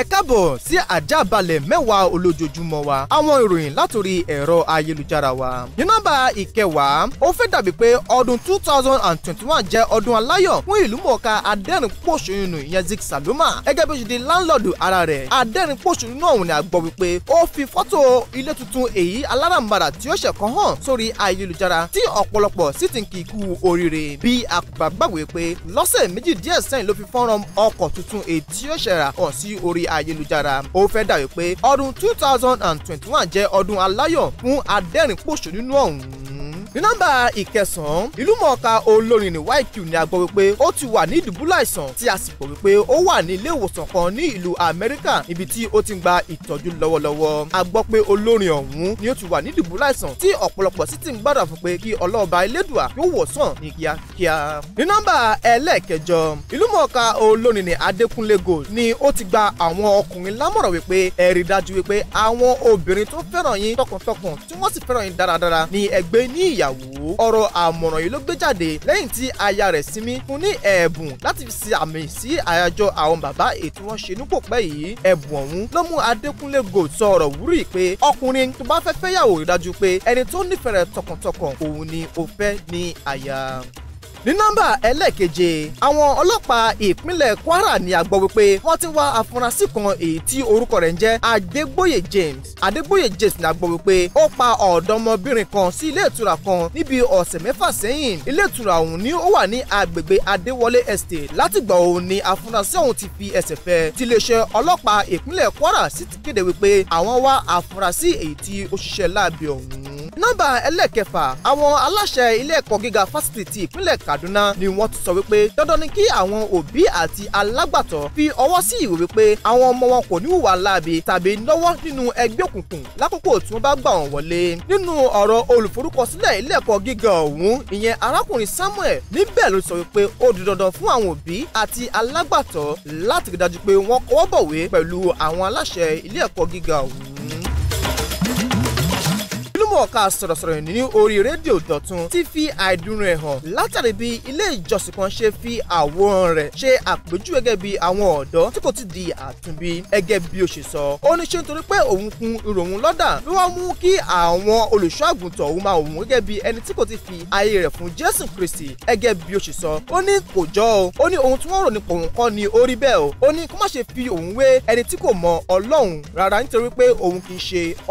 ẹ káàbọ̀ sí àjábalẹ̀ mẹ́wàá olójoojúmọ́ wa àwọn ìròyìn látòrí ẹ̀rọ ayélujára wa. ní nọ́mbà ìkẹwàá ó fẹ́ dàbí pé ọdún two thousand and twenty-one jẹ́ ọdún aláyọ̀ fún ìlúmọ̀ọ́ká adẹ́rìn-pọ̀ṣọ́yìnù ìyẹn Zik Saloma gẹ́gẹ́ bí ó ṣe di láńlọ́ọ̀dù ara rẹ̀ adẹ́rìn-pọ̀ṣọ́yìnù náà ni a gbọ́ wípé ó fi fọ́tò ilé tuntun èyí alárànbarà tí ó ṣẹ̀kan hàn sórí ayélujára tí ọ̀pọ̀lọpọ̀ sì ti ń kí ikú oríire bí àgbàgbàgbé pé lọ́sẹ̀ méjì díẹ̀ sẹ́yìn ló fi fọ́nrán ọkọ̀ tuntun èyí tí ó ṣẹ̀rà hàn sí orí orí ayélujára ó fẹ́ dàbí pé ọdún two thousand and twenty one jẹ́ ọdún aláyọ̀ fún adẹ́rìn-pòṣónú ọ̀hún ní nọ́mbà ìkẹsàn-án ìlúmọ̀ọ́ká olórin ní YQ ni a gbọ́ wípé ó ti wà ní ìdùbúlẹ̀ àìsàn tí a sì gbọ́ wípé ó wà ní ilé ìwòsàn kan ní ìlú Amẹ́ríkà níbi tí ó ti ń gba ìtọ́jú lọ́wọ́lọ́wọ́ a gbọ́ pé olórin ọ̀hún ni ó ti wà ní ìdùbúlẹ̀ àìsàn tí ọ̀pọ̀lọpọ̀ sì ti ń gbàdà fún pé kí ọlọ́ọ̀ba elédùà yóò wòsàn ní kíákíá ní nọ́mbà ẹlẹ́ẹ̀kẹjọ ìlúmọ̀ọ́ká olórin ní Adékúnlé Gold ni ó ti gba àwọn ọkùnrin lámọ̀ràn wípé ẹ rí dájú wípé àwọn obìnrin tó fẹ́ràn yín tọkàntọkàn tí wọ́n sì fẹ́ràn yín dáradára ni ẹgbẹ́ ní ìyà ìyàwó ọ̀rọ̀ àmọ̀ràn yìí ló gbé jáde lẹ́yìn tí aya rẹ̀ Simi fún ní ẹ̀bùn láti fi ṣe àmì sí àyájọ́ àwọn bàbá ètò wọn ṣe nípò pẹ́ yìí ẹ̀bùn ọ̀hún ló mú Adékúnlé Gold sọ ọ̀rọ̀ wúrì pé ọkùnrin tó bá fẹ́ fẹ́yàwó rí dájú pé ẹni tó nífẹ̀ẹ́ rẹ̀ tọkàntọkàn òun ni ó fẹ́ ní aya ní nọ́mbà ẹlẹ́ẹ̀keje àwọn ọlọ́pàá ìpínlẹ̀ Kwara ni a gbọ́ wípé wọ́n ti wá afurasí kan èyí tí orúkọ rẹ̀ ń jẹ́ Adégbóyè James Adégbóyè James ni a gbọ́ wípé ó pa ọ̀dọ́mọbìnrin kan sí ilé ìtura kan níbi ọ̀sẹ̀ mẹ́fà sẹ́yìn ilé ìtura ọ̀hún ni ó wà ní agbègbè Adéwọlé Estate látìgbà òun ni afurasí ọ̀hún ti fi ẹsẹ̀ fẹ́ tiléeṣẹ́ ọlọ́pàá ìpínlẹ̀ Kwara sì ti kéde wípé àwọn wá afurasí èyí tí ó ṣiṣẹ́ láabi ọ̀hún nọ́mbà ẹlẹ́kẹfà àwọn aláṣẹ ilé ẹ̀kọ́ gíga fásitì ti ìpínlẹ̀ Kaduna ni wọ́n ti sọ wípé dandan ni kí àwọn òbí àti alágbàtọ́ fi ọwọ́ sí ìwé wípé àwọn ọmọ wọn kò ní hùwà láabi tàbí lọ́wọ́ nínú ẹgbẹ́ òkùnkùn lákòókò tí wọ́n bá gbà wọ́n wọlé nínú ọ̀rọ̀ olùforúkọsílẹ̀ ilé ẹ̀kọ́ gíga ọ̀hún ìyẹn arákùnrin Samuel níbẹ̀ ló sọ wípé ó di dandan fún àwọn òbí àti alágbàtọ́ láti rí dájú pé wọ́n kọwọ́ bọ̀wé pẹ̀lú àwọn aláṣẹ ilé ẹ̀kọ́ gíga ọ̀hún abọ́ọ̀ká sọ̀rọ̀sọ̀rọ̀ ní orí rédíò dọ̀tun ti fi àìdùnnú rẹ̀ hàn látàrí bí ilé ìjọsìn kan ṣe fi àwòrán rẹ̀ ṣe àpèjúwe gẹ́gẹ́ bí àwọn ọ̀dọ́ tí kò ti di àtúnbí gẹ́gẹ́ bí ó ṣe sọ. ó ní ṣe nítorí pé òun kun ìròhùn lọ́dà ló wá mú kí àwọn olùṣọ́ àgùntàn òun máa òun gẹ́gẹ́ bí ẹni tí kò ti fi ayé rẹ̀ fún Jésù Kristi gẹ́gẹ́ bí ó ṣe sọ. ó ní kò jọ o ó ní ohun tí wọ́n rò nípa òun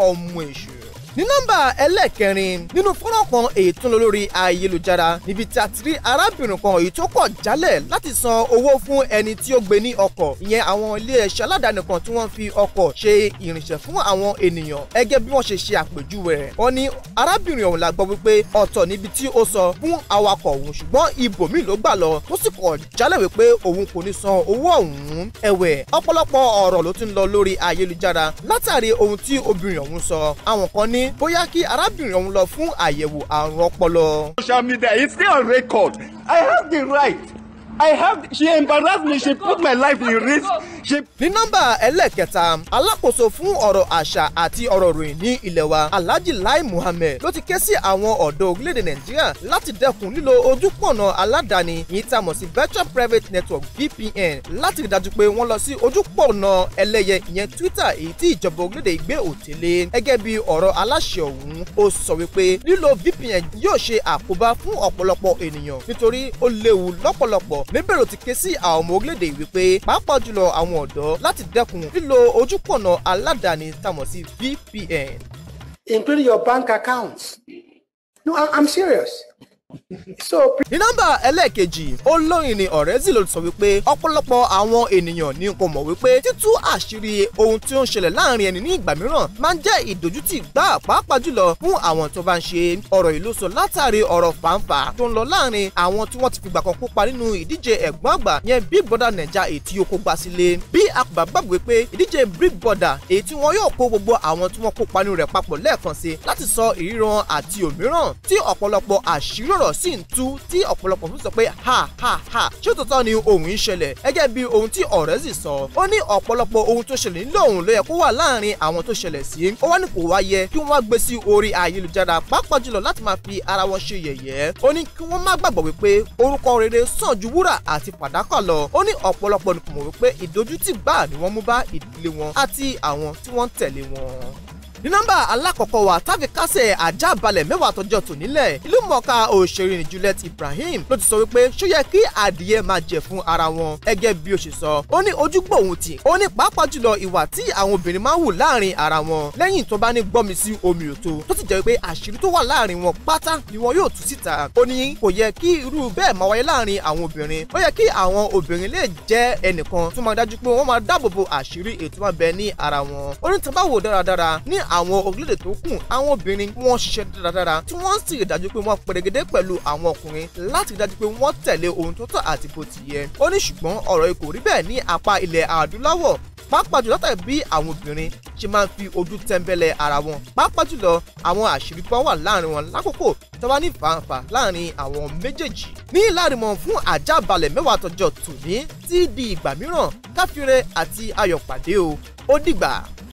kọ́ ni ní nọ́mbà ẹlẹ́ẹ̀kẹrin nínú fọ́nrán kan èyí tó ń lọ lórí ayélujára níbi tí a ti rí arábìnrin kan èyí tó kọ̀ jálẹ̀ láti san owó fún ẹni tí ó gbé ní ọkọ̀ ìyẹn àwọn iléeṣẹ́ aládàáni kan tí wọ́n fi ọkọ̀ ṣe ìrìnsẹ̀ fún àwọn ènìyàn gẹ́gẹ́ bí wọ́n ṣe ṣe àpèjúwe rẹ̀ wọ́n ní arábìnrin ọ̀hún la gbọ́ wípé ọ̀tọ̀ níbi tí ó sọ fún awakọ̀ òun ṣùgbọ́n ibòmíì ló gbà lọ tó sì kọ̀ jálẹ̀ wípé òun kò ní san owó ọ̀hún ẹ̀wẹ̀ ọ̀pọ̀lọpọ̀ ọ̀rọ̀ ló ti ń lọ lórí ayélujára látàrí ohun tí obìnrin ọ̀hún sọ àwọn kan ní ní bóyá kí arábìnrin ọ̀hún lọ fún àyẹ̀wò àrùn ọpọlọ. social media is still on record I have the right I have she embarrass me she put my life in risk leadership. ní nọ́mbà ẹlẹ́kẹta alákòóso fún ọ̀rọ̀ àṣà àti ọ̀rọ̀ ròyìn ní ilẹ̀ wa alhaji lai muhammed ló ti ké sí àwọn ọ̀dọ́ orílẹ̀-èdè nàìjíríà láti dẹ́kun lílo ojúpọ̀nà aládàáni yìí tá a mọ̀ sí virtual private network vpn láti rí dájú pé wọ́n lọ sí ojúpọ̀nà ẹlẹ́yẹ ìyẹn twitter èyí tí ìjọba orílẹ̀-èdè ìgbé òtélé gẹ́gẹ́ bí ọ̀rọ̀ aláṣẹ ọ̀hún ó sọ wípé lílo vpn yóò ṣe àkóbá fún ọ̀pọ̀lọpọ̀ ènìyàn nítorí ó léwu lọ́pọ̀lọpọ̀ níbẹ̀rù ti ké sí àwọn ọmọ orílẹ̀-èdè wípé pàápàá jùlọ àwọn àwọn ọ̀dọ́ láti dẹ́kun lílo ojúpọ̀nà aládàáni tàmọ̀ sí VPN. Including your bank account. No, I'm serious so ní nọ́mbà ẹlẹ́ẹ̀kejì olórin ni ọ̀rẹ́zì ló sọ wípé ọ̀pọ̀lọpọ̀ àwọn ènìyàn ni kò mọ̀ wípé títú àṣírí ohun tí ó ń ṣẹlẹ̀ láàrin ẹni ní ìgbà mìíràn máa ń jẹ́ ìdójútì gbà pàápàá jùlọ fún àwọn tó bá ń ṣe ọ̀rọ̀ ìlú sọ látàrí ọ̀rọ̀ fàǹfà tó ń lọ láàrin àwọn tí wọ́n ti fìgbà kan kópa nínú ìdíje ẹ̀gbọ́n àgbà yẹn Big Brother Naija èyí tí yóò kó gbà sílé bí a Big Brother èyí tí wọ́n yóò kó gbogbo àwọn tí wọ́n kópa nínú rẹ̀ papọ̀ lẹ́ẹ̀kan sí láti sọ ìríran tọ́rọ̀ sì ń tú tí ọ̀pọ̀lọpọ̀ fún sọ pé ha ha ha ṣé òtítọ́ ni ohun ń ṣẹlẹ̀ gẹ́gẹ́ bí ohun tí ọ̀rẹ́ sì sọ ó ní ọ̀pọ̀lọpọ̀ ohun tó ṣẹlẹ̀ nílò òun ló yẹ kó wà láàrin àwọn tó ṣẹlẹ̀ sí ó wá ní kò wá yẹ kí wọ́n wá gbé sí orí ayélujára pàápàá jùlọ láti máa fi ara wọn ṣe yẹ̀yẹ́ ó ní kí wọ́n má gbàgbọ́ wípé orúkọ rere sàn ju wúrà àti fàdákà lọ ó ní ọ̀pọ̀lọpọ̀ nìkan mọ̀ wípé ìdójútì gbáà ni wọ́n mú bá ìdílé wọn àti àwọn tí wọ́n tẹ̀lé wọn ní nọ́mbà alákọ̀ọ́kọ́ wa táfi kásẹ̀ ajá balẹ̀ mẹ́wàá tọjọ́ tò nílẹ̀ ìlú mọ̀ọ́ká òṣèré ní Juliet Ibrahim ló ti sọ wípé ṣó yẹ kí adìyẹ máa jẹ fún ara wọn ẹgẹ́ bí ó ṣe sọ ó ní ojúgbò òun tì ó ní pàápàá jùlọ ìwà tí àwọn obìnrin máa ń wù láàrin ara wọn lẹ́yìn tó bá ní gbọ́mi sí omi òtó tó ti jẹ́ wípé àṣírí tó wà láàrin wọn pátá ni wọn yóò tú síta ó ní kò yẹ kí irú bẹ́ẹ̀ máa wáyé láàrin àwọn obìnrin ó yẹ kí àwọn obìnrin lè jẹ́ ẹnìkan tó máa dájú pé wọ́n máa dáàbòbo àṣírí ètò máa bẹ ní ara wọn ó ní tàn bá wò dáradára ní àwọn orílẹ̀-èdè tó kù àwọn obìnrin wọ́n ṣiṣẹ́ dáradára tí wọ́n sì rí dájú pé wọ́n pèrègede pẹ̀lú àwọn ọkùnrin láti rí dájú pé wọ́n tẹ̀lé ohun tó tọ́ àti bó ti yẹ. ó ní ṣùgbọ́n ọ̀rọ̀ ikò rí bẹ́ẹ̀ ní apá ilẹ̀ adúláwọ̀ pàápàá jùlọ látàrí bí àwọn obìnrin ṣe máa ń fi ojú tẹ́ńbẹ́lẹ̀ ara wọn pàápàá jùlọ àwọn àṣírí kan wà láàrin wọn lákòókò tó bá ní fàǹfà láàrin àwọn méjèèjì. ní ìlàrímọ̀ fún àjábalẹ̀ mẹ́wàá tọjọ́ tòní tí di ìgbà mìíràn káfíńrẹ́ àti ayọ̀ pàdé o ó dìgbà.